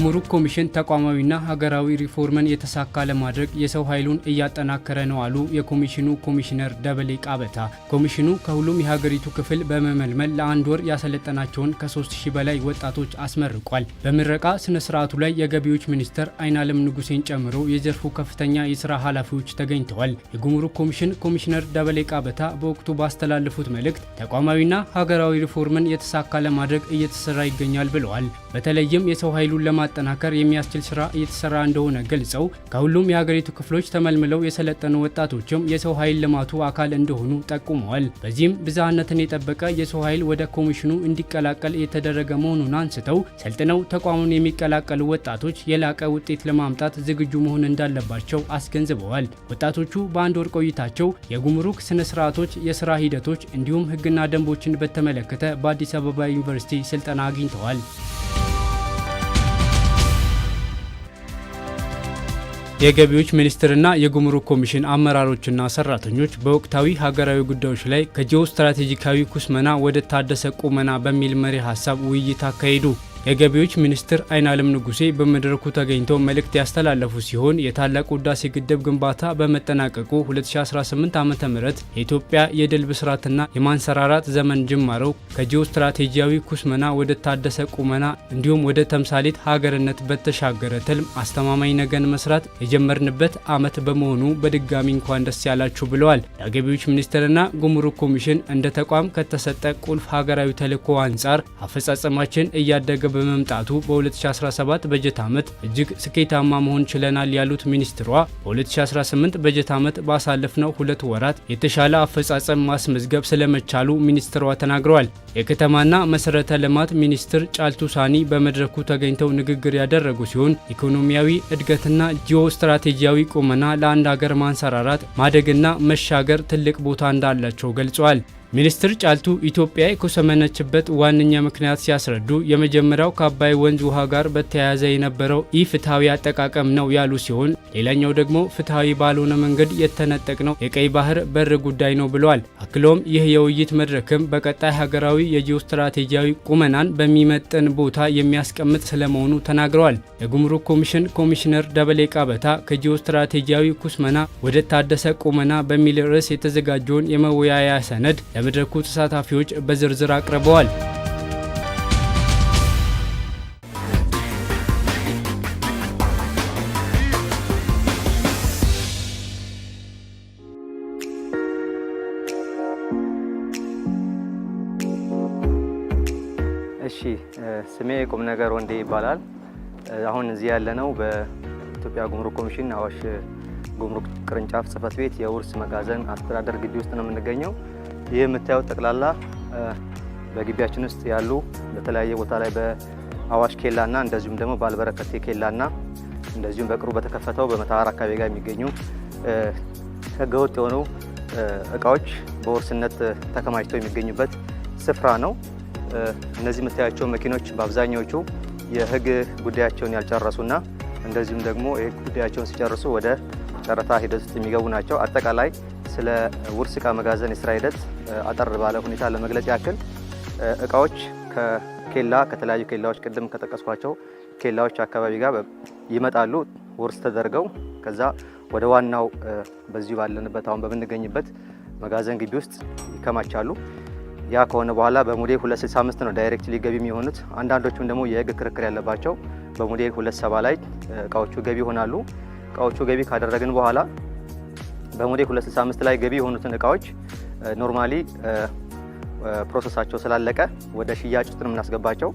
ጉምሩክ ኮሚሽን ተቋማዊና ሀገራዊ ሪፎርምን የተሳካ ለማድረግ የሰው ኃይሉን እያጠናከረ ነው አሉ የኮሚሽኑ ኮሚሽነር ደበሌ ቃበታ። ኮሚሽኑ ከሁሉም የሀገሪቱ ክፍል በመመልመል ለአንድ ወር ያሰለጠናቸውን ከ 3000 በላይ ወጣቶች አስመርቋል። በምረቃ ስነ ስርዓቱ ላይ የገቢዎች ሚኒስትር አይናለም ንጉሴን ጨምሮ የዘርፉ ከፍተኛ የስራ ኃላፊዎች ተገኝተዋል። የጉምሩክ ኮሚሽን ኮሚሽነር ደበሌ ቃበታ በወቅቱ ባስተላለፉት መልእክት ተቋማዊና ሀገራዊ ሪፎርምን የተሳካ ለማድረግ እየተሰራ ይገኛል ብለዋል። በተለይም የሰው ኃይሉን ለማ ለማጠናከር የሚያስችል ስራ እየተሰራ እንደሆነ ገልጸው ከሁሉም የሀገሪቱ ክፍሎች ተመልምለው የሰለጠኑ ወጣቶችም የሰው ኃይል ልማቱ አካል እንደሆኑ ጠቁመዋል። በዚህም ብዝሃነትን የጠበቀ የሰው ኃይል ወደ ኮሚሽኑ እንዲቀላቀል የተደረገ መሆኑን አንስተው ሰልጥነው ተቋሙን የሚቀላቀሉ ወጣቶች የላቀ ውጤት ለማምጣት ዝግጁ መሆን እንዳለባቸው አስገንዝበዋል። ወጣቶቹ በአንድ ወር ቆይታቸው የጉምሩክ ስነ ስርዓቶች፣ የስራ ሂደቶች እንዲሁም ህግና ደንቦችን በተመለከተ በአዲስ አበባ ዩኒቨርሲቲ ስልጠና አግኝተዋል። የገቢዎች ሚኒስቴርና የጉምሩክ ኮሚሽን አመራሮችና ሰራተኞች በወቅታዊ ሀገራዊ ጉዳዮች ላይ ከጂኦ ስትራቴጂካዊ ኩስመና ወደ ታደሰ ቁመና በሚል መሪ ሀሳብ ውይይት አካሄዱ። የገቢዎች ሚኒስትር አይናለም ንጉሴ በመድረኩ ተገኝተው መልእክት ያስተላለፉ ሲሆን የታላቁ ህዳሴ ግድብ ግንባታ በመጠናቀቁ 2018 ዓ ም የኢትዮጵያ የድል ብስራትና የማንሰራራት ዘመን ጅማረው ከጂኦ ስትራቴጂያዊ ኩስመና ወደ ታደሰ ቁመና እንዲሁም ወደ ተምሳሌት ሀገርነት በተሻገረ ትልም አስተማማኝ ነገን መስራት የጀመርንበት ዓመት በመሆኑ በድጋሚ እንኳን ደስ ያላችሁ ብለዋል። ለገቢዎች ሚኒስቴርና ጉምሩክ ኮሚሽን እንደ ተቋም ከተሰጠ ቁልፍ ሀገራዊ ተልዕኮ አንጻር አፈጻጸማችን እያደገ በመምጣቱ በ2017 በጀት ዓመት እጅግ ስኬታማ መሆን ችለናል ያሉት ሚኒስትሯ በ2018 በጀት ዓመት ባሳለፍነው ሁለት ወራት የተሻለ አፈጻጸም ማስመዝገብ ስለመቻሉ ሚኒስትሯ ተናግረዋል። የከተማና መሰረተ ልማት ሚኒስትር ጫልቱ ሳኒ በመድረኩ ተገኝተው ንግግር ያደረጉ ሲሆን ኢኮኖሚያዊ እድገትና ጂኦ ስትራቴጂያዊ ቁመና ለአንድ ሀገር ማንሰራራት ማደግና መሻገር ትልቅ ቦታ እንዳላቸው ገልጸዋል። ሚኒስትር ጫልቱ ኢትዮጵያ የኮሰመነችበት ዋነኛ ምክንያት ሲያስረዱ የመጀመሪያው ከአባይ ወንዝ ውሃ ጋር በተያያዘ የነበረው ኢ ፍትሐዊ አጠቃቀም ነው ያሉ ሲሆን ሌላኛው ደግሞ ፍትሐዊ ባልሆነ መንገድ የተነጠቅነው የቀይ ባህር በር ጉዳይ ነው ብለዋል። አክሎም ይህ የውይይት መድረክም በቀጣይ ሀገራዊ የጂኦ ስትራቴጂያዊ ቁመናን በሚመጥን ቦታ የሚያስቀምጥ ስለመሆኑ ተናግረዋል። የጉምሩክ ኮሚሽን ኮሚሽነር ደበሌ ቃበታ ከጂኦ ስትራቴጂያዊ ኩስመና ወደ ታደሰ ቁመና በሚል ርዕስ የተዘጋጀውን የመወያያ ሰነድ ለመድረኩ ተሳታፊዎች በዝርዝር አቅርበዋል። እሺ ስሜ ቁም ነገር ወንዴ ይባላል። አሁን እዚህ ያለነው በኢትዮጵያ ጉምሩክ ኮሚሽን አዋሽ ጉምሩክ ቅርንጫፍ ጽህፈት ቤት የውርስ መጋዘን አስተዳደር ግቢ ውስጥ ነው የምንገኘው። ይህ የምታዩት ጠቅላላ በግቢያችን ውስጥ ያሉ በተለያየ ቦታ ላይ በአዋሽ ኬላና እንደዚሁም ደግሞ በአልበረከቴ ኬላና እንደዚሁም በቅርቡ በተከፈተው በመታዋር አካባቢ ጋር የሚገኙ ህገወጥ የሆኑ እቃዎች በውርስነት ተከማችተው የሚገኙበት ስፍራ ነው። እነዚህ የምታያቸው መኪኖች በአብዛኛዎቹ የህግ ጉዳያቸውን ያልጨረሱና እንደዚሁም ደግሞ የህግ ጉዳያቸውን ሲጨርሱ ወደ ጨረታ ሂደት ውስጥ የሚገቡ ናቸው። አጠቃላይ ስለ ውርስ እቃ መጋዘን የስራ ሂደት አጠር ባለ ሁኔታ ለመግለጽ ያክል እቃዎች ከኬላ ከተለያዩ ኬላዎች ቅድም ከጠቀስኳቸው ኬላዎች አካባቢ ጋር ይመጣሉ። ውርስ ተደርገው ከዛ ወደ ዋናው በዚሁ ባለንበት አሁን በምንገኝበት መጋዘን ግቢ ውስጥ ይከማቻሉ። ያ ከሆነ በኋላ በሙዴ 265 ነው ዳይሬክትሊ ገቢ የሚሆኑት። አንዳንዶቹም ደግሞ የህግ ክርክር ያለባቸው በሙዴ 27 ላይ እቃዎቹ ገቢ ይሆናሉ። እቃዎቹ ገቢ ካደረግን በኋላ በሞዴ 265 ላይ ገቢ የሆኑትን እቃዎች ኖርማሊ ፕሮሰሳቸው ስላለቀ ወደ ሽያጭ ውስጥ ነው የምናስገባቸው።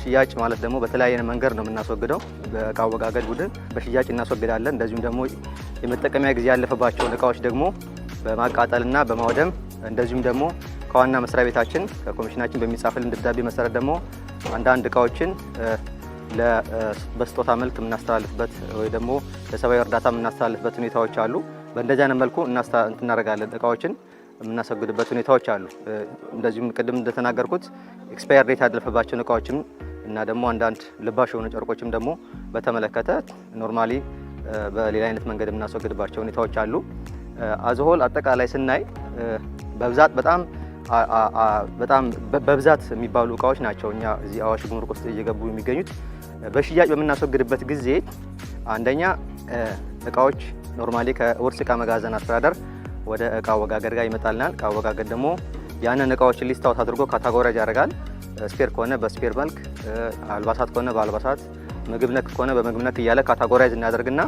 ሽያጭ ማለት ደግሞ በተለያየ መንገድ ነው የምናስወግደው። በእቃ አወጋገድ ቡድን በሽያጭ እናስወግዳለን። እንደዚሁም ደግሞ የመጠቀሚያ ጊዜ ያለፈባቸውን እቃዎች ደግሞ በማቃጠልና በማውደም እንደዚሁም ደግሞ ከዋና መስሪያ ቤታችን ከኮሚሽናችን በሚጻፍልን ደብዳቤ መሰረት ደግሞ አንዳንድ እቃዎችን በስጦታ መልክ የምናስተላልፍበት ወይ ደግሞ ለሰብአዊ እርዳታ የምናስተላልፍበት ሁኔታዎች አሉ። በእንደዚህ አይነት መልኩ እናደርጋለን እቃዎችን የምናስወግድበት ሁኔታዎች አሉ። እንደዚሁም ቅድም እንደተናገርኩት ኤክስፓየር ዴት ያለፈባቸውን እቃዎችም እና ደግሞ አንዳንድ ልባሽ የሆኑ ጨርቆችም ደግሞ በተመለከተ ኖርማሊ በሌላ አይነት መንገድ የምናስወግድባቸው ሁኔታዎች አሉ። አዝሆል አጠቃላይ ስናይ በብዛት በጣም በጣም በብዛት የሚባሉ እቃዎች ናቸው እኛ እዚህ አዋሽ ጉምሩክ ውስጥ እየገቡ የሚገኙት። በሽያጭ በምናስወግድበት ጊዜ አንደኛ እቃዎች ኖርማሊ ከውርስ እቃ መጋዘን አስተዳደር ወደ እቃ አወጋገድ ጋር ይመጣልናል። እቃ አወጋገድ ደግሞ ያንን እቃዎችን ሊስት አውት አድርጎ ካታጎራይዝ ያደርጋል። ስፔር ከሆነ በስፔር መልክ፣ አልባሳት ከሆነ በአልባሳት፣ ምግብ ነክ ከሆነ በምግብ ነክ እያለ ካታጎራይዝ እናደርግና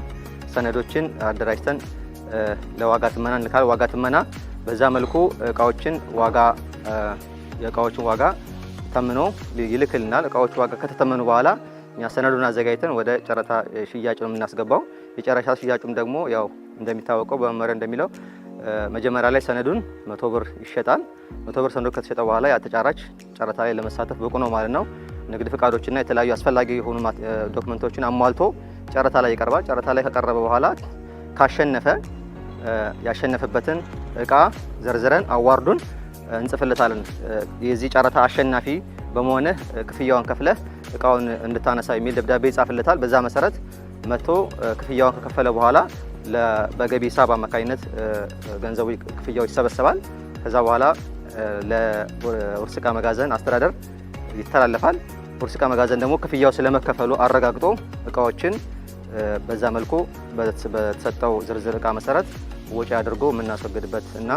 ሰነዶችን አደራጅተን ለዋጋ ትመና እንልካል። ዋጋ ትመና በዛ መልኩ እቃዎችን ዋጋ የእቃዎችን ዋጋ ተምኖ ይልክልናል። እቃዎች ዋጋ ከተተመኑ በኋላ እኛ ሰነዱን አዘጋጅተን ወደ ጨረታ ሽያጭ ነው የምናስገባው። የጨረታ ሽያጩም ደግሞ ያው እንደሚታወቀው በመመሪያ እንደሚለው መጀመሪያ ላይ ሰነዱን መቶ ብር ይሸጣል። መቶ ብር ሰነዱ ከተሸጠ በኋላ ተጫራች ጨረታ ላይ ለመሳተፍ ብቁ ነው ማለት ነው። ንግድ ፍቃዶችና የተለያዩ አስፈላጊ የሆኑ ዶክመንቶችን አሟልቶ ጨረታ ላይ ይቀርባል። ጨረታ ላይ ከቀረበ በኋላ ካሸነፈ ያሸነፈበትን እቃ ዘርዝረን አዋርዱን እንጽፍለታለን። የዚህ ጨረታ አሸናፊ በመሆንህ ክፍያውን ከፍለህ እቃውን እንድታነሳ የሚል ደብዳቤ ይጻፍለታል። በዛ መሰረት መቶ ክፍያውን ከከፈለ በኋላ በገቢ ሂሳብ አማካኝነት ገንዘቡ ክፍያው ይሰበሰባል። ከዛ በኋላ ለውርስ ዕቃ መጋዘን አስተዳደር ይተላለፋል። ውርስ ዕቃ መጋዘን ደግሞ ክፍያው ስለመከፈሉ አረጋግጦ እቃዎችን በዛ መልኩ በተሰጠው ዝርዝር እቃ መሰረት ወጪ አድርጎ የምናስወግድበት እና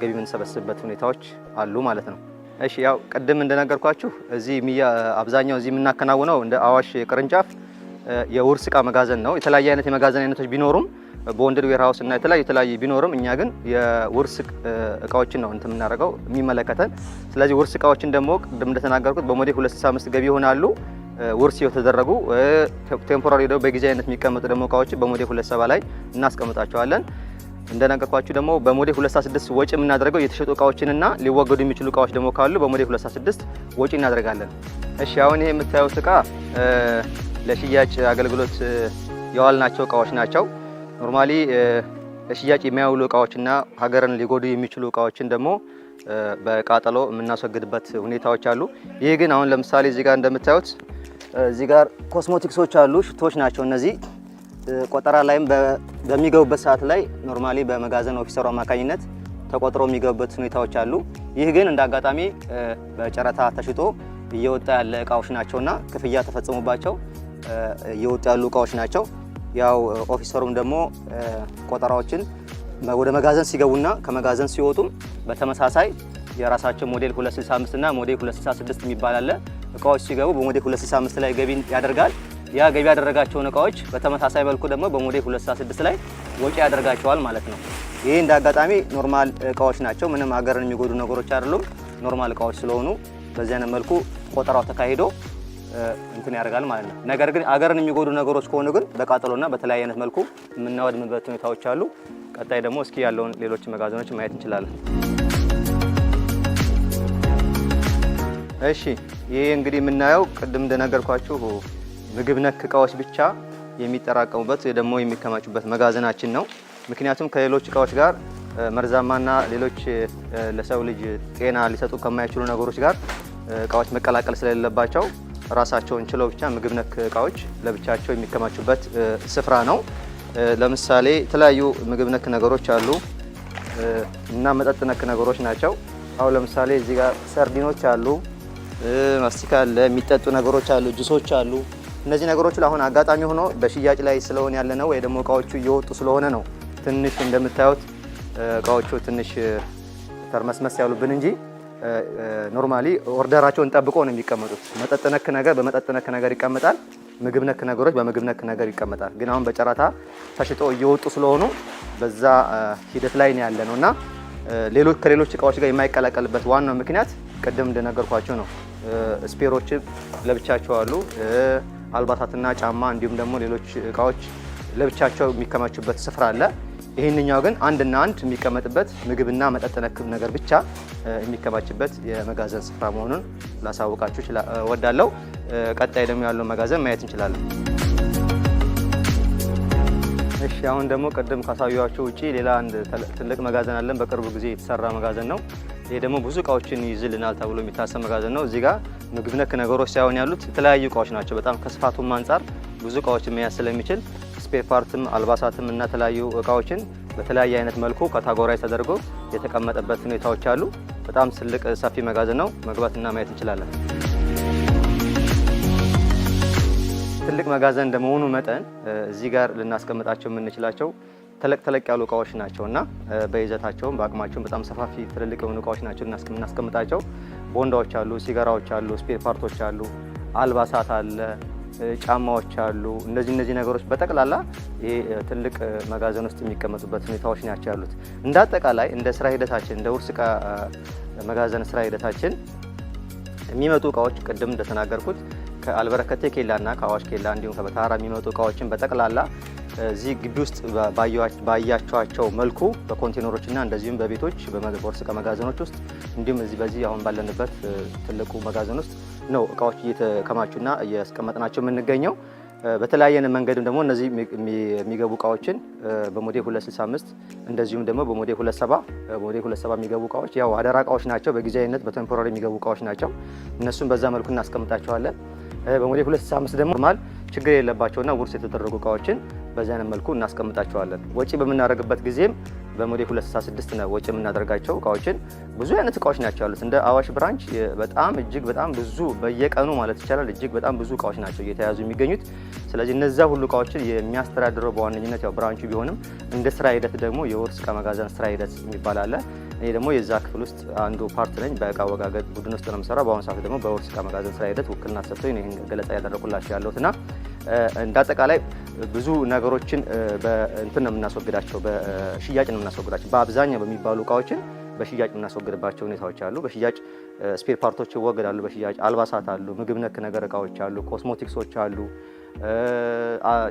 ገቢ የምንሰበስብበት ሁኔታዎች አሉ ማለት ነው። እሺ ያው ቅድም እንደነገርኳችሁ እዚህ ሚያ አብዛኛው እዚህ የምናከናውነው እንደ አዋሽ ቅርንጫፍ የውርስ እቃ መጋዘን ነው። የተለያየ አይነት የመጋዘን አይነቶች ቢኖሩም ቦንድድ ዌር እና የተለያዩ የተለያዩ ቢኖርም እኛ ግን የውርስ እቃዎችን ነው እንትን የምናደርገው የሚመለከተን። ስለዚህ ውርስ እቃዎችን ደግሞ ቅድም እንደተናገርኩት በሞዴል 265 ገቢ ይሆናሉ። ውርስ የተደረጉ ቴምፖራሪ ደግሞ በጊዜ አይነት የሚቀመጡ ደግሞ እቃዎችን በሞዴል 27 ላይ እናስቀምጣቸዋለን። እንደነገርኳችሁ ደግሞ በሞዴል 26 ወጪ የምናደርገው የተሸጡ እቃዎችንና ሊወገዱ የሚችሉ እቃዎች ደግሞ ካሉ በሞዴል 26 ወጪ እናደርጋለን። እሺ አሁን ይሄ የምታዩት እቃ ለሽያጭ አገልግሎት የዋልናቸው እቃዎች ናቸው። ኖርማሊ ለሽያጭ የሚያውሉ እቃዎችና ሀገርን ሊጎዱ የሚችሉ እቃዎችን ደግሞ በቃጠሎ የምናስወግድበት ሁኔታዎች አሉ። ይህ ግን አሁን ለምሳሌ እዚህ ጋር እንደምታዩት እዚህ ጋር ኮስሞቲክሶች አሉ፣ ሽቶች ናቸው እነዚህ ቆጠራ ላይም በሚገቡበት ሰዓት ላይ ኖርማሊ በመጋዘን ኦፊሰሩ አማካኝነት ተቆጥሮ የሚገቡበት ሁኔታዎች አሉ። ይህ ግን እንደ አጋጣሚ በጨረታ ተሽጦ እየወጣ ያለ እቃዎች ናቸውና ክፍያ ተፈጽሞባቸው እየወጡ ያሉ እቃዎች ናቸው። ያው ኦፊሰሩም ደግሞ ቆጠራዎችን ወደ መጋዘን ሲገቡና ከመጋዘን ሲወጡም በተመሳሳይ የራሳቸው ሞዴል 265 እና ሞዴል 266 የሚባል አለ። እቃዎች ሲገቡ በሞዴል 265 ላይ ገቢ ያደርጋል። ያ ገቢ ያደረጋቸውን እቃዎች በተመሳሳይ መልኩ ደግሞ በሞዴል 266 ላይ ወጪ ያደርጋቸዋል ማለት ነው። ይህ እንደ አጋጣሚ ኖርማል እቃዎች ናቸው። ምንም ሀገርን የሚጎዱ ነገሮች አይደሉም። ኖርማል እቃዎች ስለሆኑ በዚህ አይነት መልኩ ቆጠራው ተካሂዶ እንትን ያደርጋል ማለት ነው። ነገር ግን አገርን የሚጎዱ ነገሮች ከሆኑ ግን በቃጠሎና በተለያየ አይነት መልኩ የምናወድምበት ሁኔታዎች አሉ። ቀጣይ ደግሞ እስኪ ያለውን ሌሎች መጋዘኖች ማየት እንችላለን። እሺ ይህ እንግዲህ የምናየው ቅድም እንደነገርኳችሁ ምግብ ነክ እቃዎች ብቻ የሚጠራቀሙበት ደግሞ የሚከማቹበት መጋዘናችን ነው። ምክንያቱም ከሌሎች እቃዎች ጋር መርዛማና ሌሎች ለሰው ልጅ ጤና ሊሰጡ ከማይችሉ ነገሮች ጋር እቃዎች መቀላቀል ስለሌለባቸው ራሳቸውን ችለው ብቻ ምግብ ነክ እቃዎች ለብቻቸው የሚከማቹበት ስፍራ ነው። ለምሳሌ የተለያዩ ምግብ ነክ ነገሮች አሉ እና መጠጥ ነክ ነገሮች ናቸው። አሁን ለምሳሌ እዚህ ጋር ሰርዲኖች አሉ፣ ማስቲካ አለ፣ የሚጠጡ ነገሮች አሉ፣ ጁሶች አሉ። እነዚህ ነገሮች አሁን አጋጣሚ ሆኖ በሽያጭ ላይ ስለሆነ ያለ ነው ወይ ደግሞ እቃዎቹ እየወጡ ስለሆነ ነው ትንሽ እንደምታዩት እቃዎቹ ትንሽ ተርመስመስ ያሉብን እንጂ ኖርማሊ ኦርደራቸውን ጠብቆ ነው የሚቀመጡት። መጠጥ ነክ ነገር በመጠጥ ነክ ነገር ይቀመጣል። ምግብ ነክ ነገሮች በምግብ ነክ ነገር ይቀመጣል። ግን አሁን በጨረታ ተሽጦ እየወጡ ስለሆኑ በዛ ሂደት ላይ ነው ያለ ነው እና ሌሎች ከሌሎች እቃዎች ጋር የማይቀላቀልበት ዋናው ምክንያት ቅድም እንደነገርኳቸው ነው። ስፔሮች ለብቻቸው አሉ። አልባሳትና ጫማ እንዲሁም ደግሞ ሌሎች እቃዎች ለብቻቸው የሚከማቹበት ስፍራ አለ። ይህንኛው ግን አንድና አንድ የሚቀመጥበት ምግብና መጠጥ ነክ ነገር ብቻ የሚከማችበት የመጋዘን ስፍራ መሆኑን ላሳውቃችሁ እወዳለሁ። ቀጣይ ደግሞ ያለውን መጋዘን ማየት እንችላለን። እሺ አሁን ደግሞ ቅድም ካሳዩዋቸው ውጪ ሌላ አንድ ትልቅ መጋዘን አለን። በቅርቡ ጊዜ የተሰራ መጋዘን ነው። ይሄ ደግሞ ብዙ እቃዎችን ይዝልናል ተብሎ የሚታሰብ መጋዘን ነው። እዚህ ጋር ምግብ ነክ ነገሮች ሳይሆን ያሉት የተለያዩ እቃዎች ናቸው። በጣም ከስፋቱም አንጻር ብዙ እቃዎችን መያዝ ስለሚችል ስፔር ፓርትም አልባሳትም እና የተለያዩ እቃዎችን በተለያየ አይነት መልኩ ካታጎራይዝ ተደርጎ የተቀመጠበት ሁኔታዎች አሉ። በጣም ትልቅ ሰፊ መጋዘን ነው። መግባትና ማየት እንችላለን። ትልቅ መጋዘን እንደመሆኑ መጠን እዚህ ጋር ልናስቀምጣቸው የምንችላቸው ተለቅ ተለቅ ያሉ እቃዎች ናቸው እና በይዘታቸውም በአቅማቸውም በጣም ሰፋፊ ትልልቅ የሆኑ እቃዎች ናቸው የምናስቀምጣቸው። ቦንዳዎች አሉ፣ ሲጋራዎች አሉ፣ ስፔር ፓርቶች አሉ፣ አልባሳት አለ፣ ጫማዎች አሉ። እነዚህ እነዚህ ነገሮች በጠቅላላ ይህ ትልቅ መጋዘን ውስጥ የሚቀመጡበት ሁኔታዎች ናቸው ያሉት። እንደ አጠቃላይ እንደ ስራ ሂደታችን እንደ ውርስ እቃ መጋዘን ስራ ሂደታችን የሚመጡ እቃዎች ቅድም እንደተናገርኩት ከአልበረከቴ ኬላና ከአዋሽ ኬላ እንዲሁም ከበታራ የሚመጡ እቃዎችን በጠቅላላ እዚህ ግቢ ውስጥ ባያቸዋቸው መልኩ በኮንቴነሮችና እንደዚሁም በቤቶች በቦርስ እቃ መጋዘኖች ውስጥ እንዲሁም እዚህ በዚህ አሁን ባለንበት ትልቁ መጋዘን ውስጥ ነው እቃዎች እየተከማቹና እያስቀመጥናቸው የምንገኘው። በተለያየ መንገድም ደግሞ እነዚህ የሚገቡ እቃዎችን በሞዴ 265 እንደዚሁም ደግሞ በሞዴ 27 27 የሚገቡ እቃዎች ያው አደራ እቃዎች ናቸው። በጊዜያዊነት በቴምፖራሪ የሚገቡ እቃዎች ናቸው። እነሱም በዛ መልኩ እናስቀምጣቸዋለን። በሞዴል 265 ደግሞ ማል ችግር የለባቸውና ውርስ የተደረጉ እቃዎችን በዚህ አይነት መልኩ እናስቀምጣቸዋለን። ወጪ በምናደርግበት ጊዜም በሞዴል 266 ነው ወጪ የምናደርጋቸው እቃዎችን። ብዙ አይነት እቃዎች ናቸው ያሉት እንደ አዋሽ ብራንች በጣም እጅግ በጣም ብዙ በየቀኑ ማለት ይቻላል እጅግ በጣም ብዙ እቃዎች ናቸው እየተያዙ የሚገኙት። ስለዚህ እነዛ ሁሉ እቃዎችን የሚያስተዳድረው በዋነኝነት ያው ብራንቹ ቢሆንም እንደ ስራ ሂደት ደግሞ የውርስ ከመጋዘን ስራ ሂደት የሚባል አለ። እኔ ደግሞ የዛ ክፍል ውስጥ አንዱ ፓርት ነኝ። በእቃ አወጋገጥ ቡድን ውስጥ ነው የምሰራው። በአሁኑ ሰዓት ደግሞ በውርስ እቃ መጋዘን ስራ ሂደት ውክልና ተሰጥቶኝ ይህን ገለጻ ያደረኩላቸው ያለሁት እና እንደ አጠቃላይ ብዙ ነገሮችን እንትን ነው የምናስወግዳቸው፣ በሽያጭ ነው የምናስወግዳቸው። በአብዛኛው በሚባሉ እቃዎችን በሽያጭ የምናስወግድባቸው ሁኔታዎች አሉ። በሽያጭ ስፔር ፓርቶች ይወገዳሉ። በሽያጭ አልባሳት አሉ፣ ምግብ ነክ ነገር እቃዎች አሉ፣ ኮስሞቲክሶች አሉ፣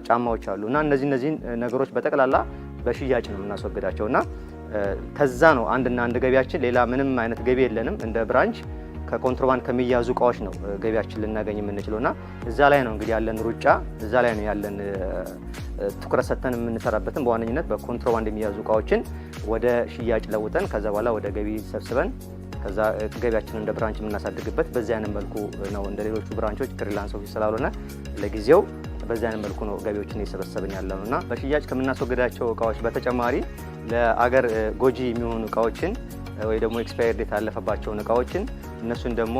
ጫማዎች አሉ እና እነዚህ እነዚህን ነገሮች በጠቅላላ በሽያጭ ነው የምናስወግዳቸው እና ከዛ ነው አንድና አንድ ገቢያችን። ሌላ ምንም አይነት ገቢ የለንም እንደ ብራንች ከኮንትሮባንድ ከሚያዙ እቃዎች ነው ገቢያችን ልናገኝ የምንችለው እና እዛ ላይ ነው እንግዲህ ያለን ሩጫ፣ እዛ ላይ ነው ያለን ትኩረት ሰጥተን የምንሰራበትን በዋነኝነት በኮንትሮባንድ የሚያዙ እቃዎችን ወደ ሽያጭ ለውጠን ከዛ በኋላ ወደ ገቢ ሰብስበን ከዛ ገቢያችንን እንደ ብራንች የምናሳድግበት በዚህ አይነት መልኩ ነው። እንደ ሌሎቹ ብራንቾች ክሪላንስ ኦፊስ ስላልሆነ ለጊዜው በዚህ አይነት መልኩ ነው ገቢዎችን እየሰበሰብን ያለ ነው እና በሽያጭ ከምናስወግዳቸው እቃዎች በተጨማሪ ለአገር ጎጂ የሚሆኑ እቃዎችን ወይ ደግሞ ኤክስፓየርድ የታለፈባቸውን እቃዎችን እነሱን ደግሞ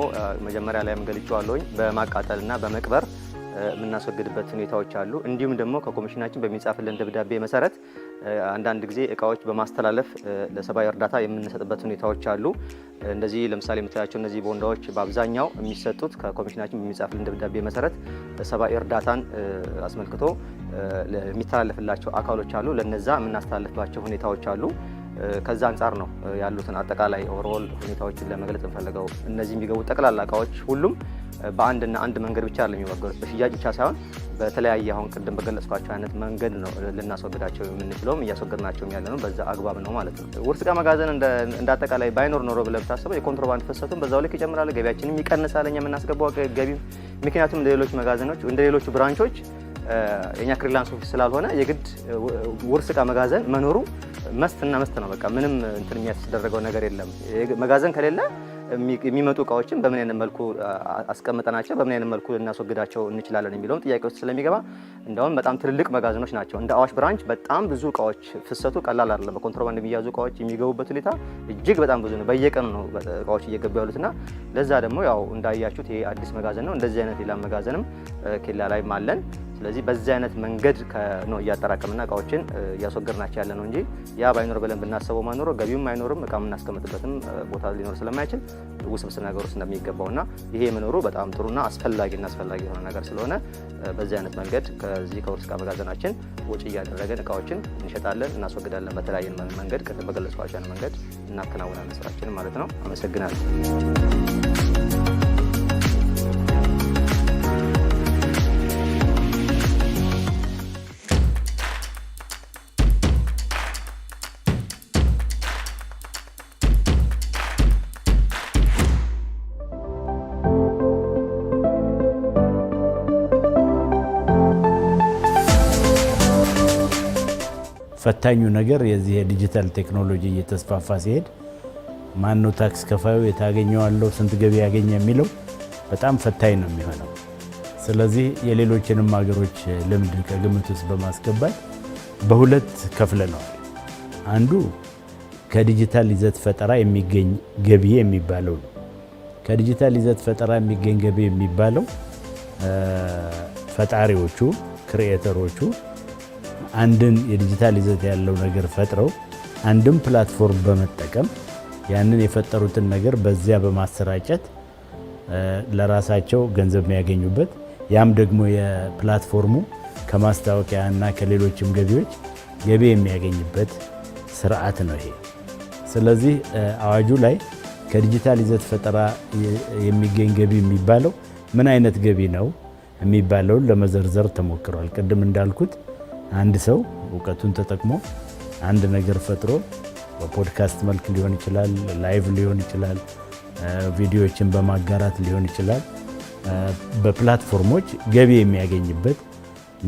መጀመሪያ ላይ ላይም በማቃጠል በማቃጠልና በመቅበር የምናስወግድበት ሁኔታዎች አሉ። እንዲሁም ደግሞ ከኮሚሽናችን በሚጻፍልን ደብዳቤ መሰረት አንዳንድ ጊዜ እቃዎች በማስተላለፍ ለሰብአዊ እርዳታ የምንሰጥበት ሁኔታዎች አሉ። እንደዚህ ለምሳሌ የምታያቸው እነዚህ ቦንዳዎች በአብዛኛው የሚሰጡት ከኮሚሽናችን በሚጻፍልን ደብዳቤ መሰረት ሰብአዊ እርዳታን አስመልክቶ የሚተላለፍላቸው አካሎች አሉ። ለነዛ የምናስተላልፍባቸው ሁኔታዎች አሉ። ከዛ አንጻር ነው ያሉትን አጠቃላይ ኦቨርኦል ሁኔታዎችን ለመግለጽ እንፈልገው። እነዚህ የሚገቡ ጠቅላላ እቃዎች ሁሉም በአንድና አንድ መንገድ ብቻ አለ የሚወገዱት በሽያጭ ብቻ ሳይሆን በተለያየ አሁን ቅድም በገለጽኳቸው አይነት መንገድ ነው ልናስወግዳቸው የምንችለውም እያስወገድናቸውም ያለ ነው። በዛ አግባብ ነው ማለት ነው። ውርስ ዕቃ መጋዘን እንደ አጠቃላይ ባይኖር ኖሮ ብለህ ብታስበው የኮንትሮባንድ ፍሰቱን በዛው ልክ ይጨምራል፣ ገቢያችንም ይቀንሳል፣ እኛ የምናስገባው ገቢ ምክንያቱም እንደሌሎች መጋዘኖች እንደሌሎቹ ብራንቾች የኛ ክሪላንስ ኦፊስ ስላልሆነ የግድ ውርስ እቃ መጋዘን መኖሩ መስትና መስት ነው። በቃ ምንም እንትን የሚያስደረገው ነገር የለም። መጋዘን ከሌለ የሚመጡ እቃዎችን በምን አይነት መልኩ አስቀምጠናቸው በምን አይነት መልኩ እናስወግዳቸው እንችላለን የሚለውን ጥያቄ ውስጥ ስለሚገባ እንደውም በጣም ትልልቅ መጋዘኖች ናቸው። እንደ አዋሽ ብራንች በጣም ብዙ እቃዎች ፍሰቱ ቀላል አይደለም። በኮንትሮባንድ የሚያዙ እቃዎች የሚገቡበት ሁኔታ እጅግ በጣም ብዙ ነው። በየቀኑ ነው እቃዎች እየገቡ ያሉትና ለዛ ደግሞ ያው እንዳያችሁት ይሄ አዲስ መጋዘን ነው። እንደዚህ አይነት ሌላ መጋዘንም ኬላ ላይ አለን። ስለዚህ በዚህ አይነት መንገድ ነው እያጠራቀምና እቃዎችን እያስወገድናቸው ያለ ነው እንጂ ያ ባይኖር ብለን ብናስበው ማኖሮ ገቢውም አይኖርም፣ እቃ የምናስቀምጥበትም ቦታ ሊኖር ስለማይችል ውስብስብ ነገር ውስጥ እንደሚገባው ና ይሄ መኖሩ በጣም ጥሩና አስፈላጊና አስፈላጊ የሆነ ነገር ስለሆነ በዚህ አይነት መንገድ ከዚህ ከውርስ እቃ መጋዘናችን ውጭ እያደረገን እቃዎችን እንሸጣለን፣ እናስወግዳለን። በተለያየ መንገድ ቅድም በገለጽኳቸው መንገድ እናከናውናለን ስራችን ማለት ነው። አመሰግናለሁ። ፈታኙ ነገር የዚህ የዲጂታል ቴክኖሎጂ እየተስፋፋ ሲሄድ ነው ታክስ ከፋዩ የታገኘዋለው ስንት ገቢ ያገኘ የሚለው በጣም ፈታኝ ነው የሚሆነው። ስለዚህ የሌሎችንም ሀገሮች ልምድ ከግምት ውስጥ በማስገባት በሁለት ከፍለነዋል። አንዱ ከዲጂታል ይዘት ፈጠራ የሚገኝ ገቢ የሚባለው ነው። ከዲጂታል ይዘት ፈጠራ የሚገኝ ገቢ የሚባለው ፈጣሪዎቹ ክሪኤተሮቹ አንድን የዲጂታል ይዘት ያለው ነገር ፈጥረው አንድን ፕላትፎርም በመጠቀም ያንን የፈጠሩትን ነገር በዚያ በማሰራጨት ለራሳቸው ገንዘብ የሚያገኙበት ያም ደግሞ የፕላትፎርሙ ከማስታወቂያ እና ከሌሎችም ገቢዎች ገቢ የሚያገኝበት ስርዓት ነው ይሄ። ስለዚህ አዋጁ ላይ ከዲጂታል ይዘት ፈጠራ የሚገኝ ገቢ የሚባለው ምን አይነት ገቢ ነው የሚባለውን ለመዘርዘር ተሞክሯል። ቅድም እንዳልኩት አንድ ሰው እውቀቱን ተጠቅሞ አንድ ነገር ፈጥሮ በፖድካስት መልክ ሊሆን ይችላል፣ ላይቭ ሊሆን ይችላል፣ ቪዲዮዎችን በማጋራት ሊሆን ይችላል፣ በፕላትፎርሞች ገቢ የሚያገኝበት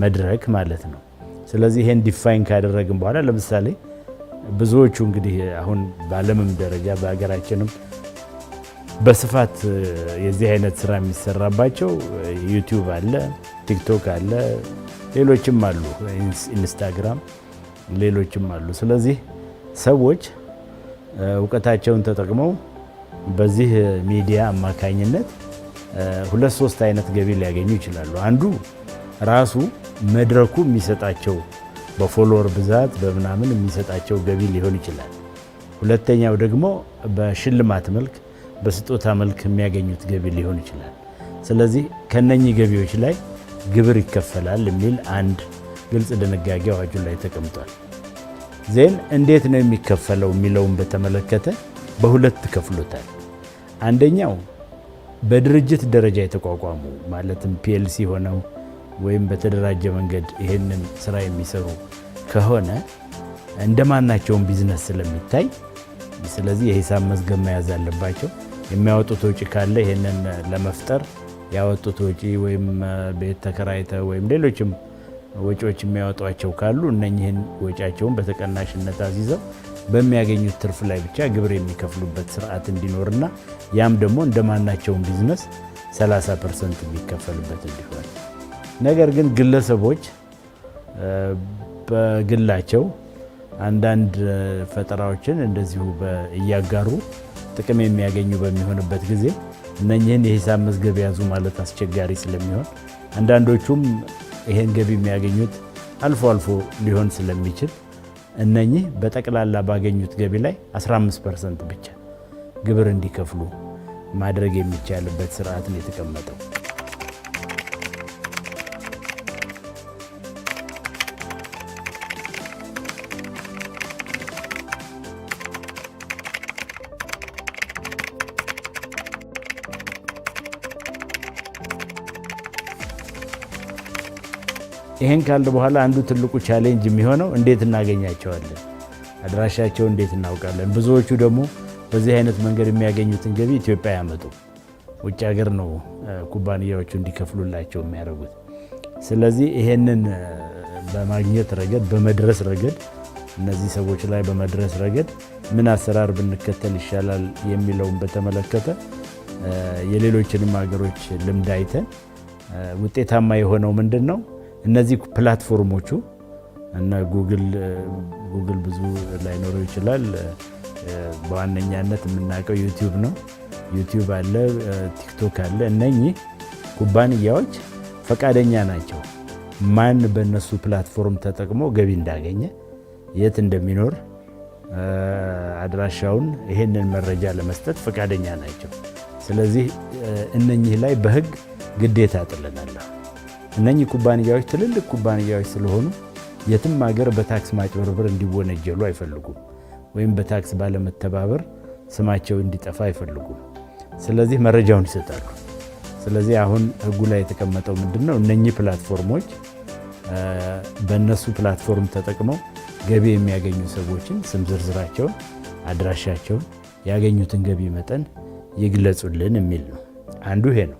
መድረክ ማለት ነው። ስለዚህ ይሄን ዲፋይን ካደረግን በኋላ ለምሳሌ ብዙዎቹ እንግዲህ አሁን በዓለምም ደረጃ በሀገራችንም በስፋት የዚህ አይነት ስራ የሚሰራባቸው ዩቲዩብ አለ፣ ቲክቶክ አለ ሌሎችም አሉ፣ ኢንስታግራም፣ ሌሎችም አሉ። ስለዚህ ሰዎች እውቀታቸውን ተጠቅመው በዚህ ሚዲያ አማካኝነት ሁለት ሶስት አይነት ገቢ ሊያገኙ ይችላሉ። አንዱ ራሱ መድረኩ የሚሰጣቸው በፎሎወር ብዛት በምናምን የሚሰጣቸው ገቢ ሊሆን ይችላል። ሁለተኛው ደግሞ በሽልማት መልክ በስጦታ መልክ የሚያገኙት ገቢ ሊሆን ይችላል። ስለዚህ ከነኚህ ገቢዎች ላይ ግብር ይከፈላል የሚል አንድ ግልጽ ድንጋጌ አዋጁ ላይ ተቀምጧል። ዜን እንዴት ነው የሚከፈለው የሚለውን በተመለከተ በሁለት ከፍሎታል። አንደኛው በድርጅት ደረጃ የተቋቋሙ ማለትም ፒኤልሲ ሆነው ወይም በተደራጀ መንገድ ይህንን ስራ የሚሰሩ ከሆነ እንደማናቸውም ቢዝነስ ስለሚታይ፣ ስለዚህ የሂሳብ መዝገብ መያዝ አለባቸው። የሚያወጡት ውጭ ካለ ይህንን ለመፍጠር ያወጡት ወጪ ወይም ቤት ተከራይተ ወይም ሌሎችም ወጪዎች የሚያወጧቸው ካሉ እነኚህን ወጪያቸውን በተቀናሽነት አዚዘው በሚያገኙት ትርፍ ላይ ብቻ ግብር የሚከፍሉበት ስርዓት እንዲኖርና ያም ደግሞ እንደማናቸውም ቢዝነስ 30 ፐርሰንት የሚከፈልበት እንዲሆን። ነገር ግን ግለሰቦች በግላቸው አንዳንድ ፈጠራዎችን እንደዚሁ እያጋሩ ጥቅም የሚያገኙ በሚሆንበት ጊዜ እነኚህን የሂሳብ መዝገብ ያዙ ማለት አስቸጋሪ ስለሚሆን አንዳንዶቹም ይሄን ገቢ የሚያገኙት አልፎ አልፎ ሊሆን ስለሚችል እነኚህ በጠቅላላ ባገኙት ገቢ ላይ 15 ፐርሰንት ብቻ ግብር እንዲከፍሉ ማድረግ የሚቻልበት ስርዓት ነው የተቀመጠው። ይሄን ካለ በኋላ አንዱ ትልቁ ቻሌንጅ የሚሆነው እንዴት እናገኛቸዋለን፣ አድራሻቸው እንዴት እናውቃለን። ብዙዎቹ ደግሞ በዚህ አይነት መንገድ የሚያገኙትን ገቢ ኢትዮጵያ ያመጡ ውጭ ሀገር ነው ኩባንያዎቹ እንዲከፍሉላቸው የሚያደርጉት። ስለዚህ ይሄንን በማግኘት ረገድ በመድረስ ረገድ እነዚህ ሰዎች ላይ በመድረስ ረገድ ምን አሰራር ብንከተል ይሻላል የሚለውን በተመለከተ የሌሎችንም ሀገሮች ልምድ አይተን ውጤታማ የሆነው ምንድን ነው እነዚህ ፕላትፎርሞቹ እና ጉግል ብዙ ላይኖረው ይችላል። በዋነኛነት የምናውቀው ዩቲዩብ ነው። ዩቲዩብ አለ፣ ቲክቶክ አለ። እነኚህ ኩባንያዎች ፈቃደኛ ናቸው። ማን በእነሱ ፕላትፎርም ተጠቅሞ ገቢ እንዳገኘ፣ የት እንደሚኖር አድራሻውን፣ ይሄንን መረጃ ለመስጠት ፈቃደኛ ናቸው። ስለዚህ እነኚህ ላይ በህግ ግዴታ ጥለናለሁ። እነኚህ ኩባንያዎች ትልልቅ ኩባንያዎች ስለሆኑ የትም ሀገር በታክስ ማጭበርበር እንዲወነጀሉ አይፈልጉም፣ ወይም በታክስ ባለመተባበር ስማቸው እንዲጠፋ አይፈልጉም። ስለዚህ መረጃውን ይሰጣሉ። ስለዚህ አሁን ህጉ ላይ የተቀመጠው ምንድን ነው? እነኚህ ፕላትፎርሞች በእነሱ ፕላትፎርም ተጠቅመው ገቢ የሚያገኙ ሰዎችን ስም ዝርዝራቸውን፣ አድራሻቸውን፣ ያገኙትን ገቢ መጠን ይግለጹልን የሚል ነው። አንዱ ይሄ ነው።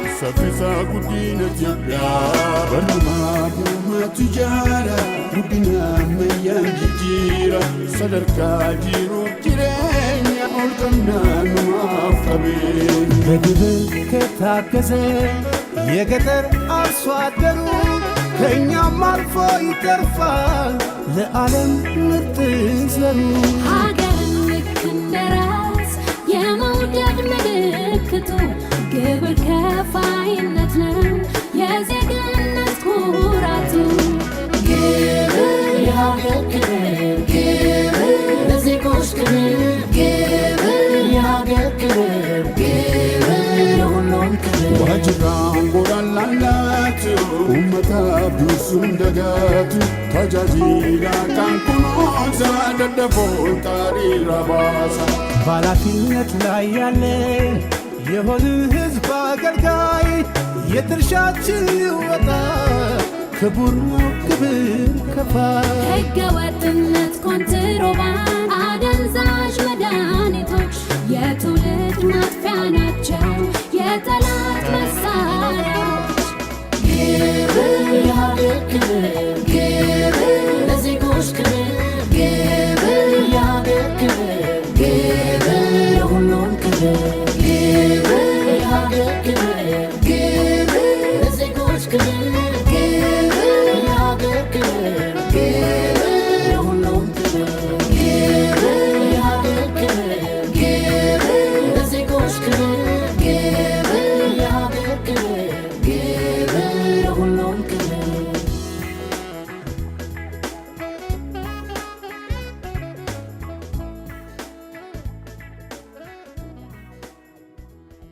saffisa guddina Itoophiyaa. Barnoomaa bu'uummaatu jaara guddina ammayyaan jijjiira sadarkaa jiruuf jireenya ol qabnaa namaaf qabeenya. ከድብር ከታገሰ የገጠር አርሶ አደሩ ከእኛም አልፎ ይተርፋል ለዓለም ምርጥ ዘሩ። ሀገርን ልክ እንደ ራስ የመውደድ ምልክቱ ግብር ከፋይነት ነው የዜግነት ኩራቱ። ዋጅራን ጎዳላላችሁ ኡመተ ብሱም ደገቱ ተጃጂላ ቃንኩኖዛ ደደፎ ጣሪ ረባሳ ባላፊነት ላይ ያለ የሆንን ህዝብ አገልጋይ የድርሻችን ልወጣ ክቡር ክብር ከፋ ሕገ ወጥነት፣ ኮንትሮባንድ፣ አደንዛዥ መድኃኒቶች የትውልድ ማጥፊያ ናቸው፣ የጠላት መሳሪያዎች።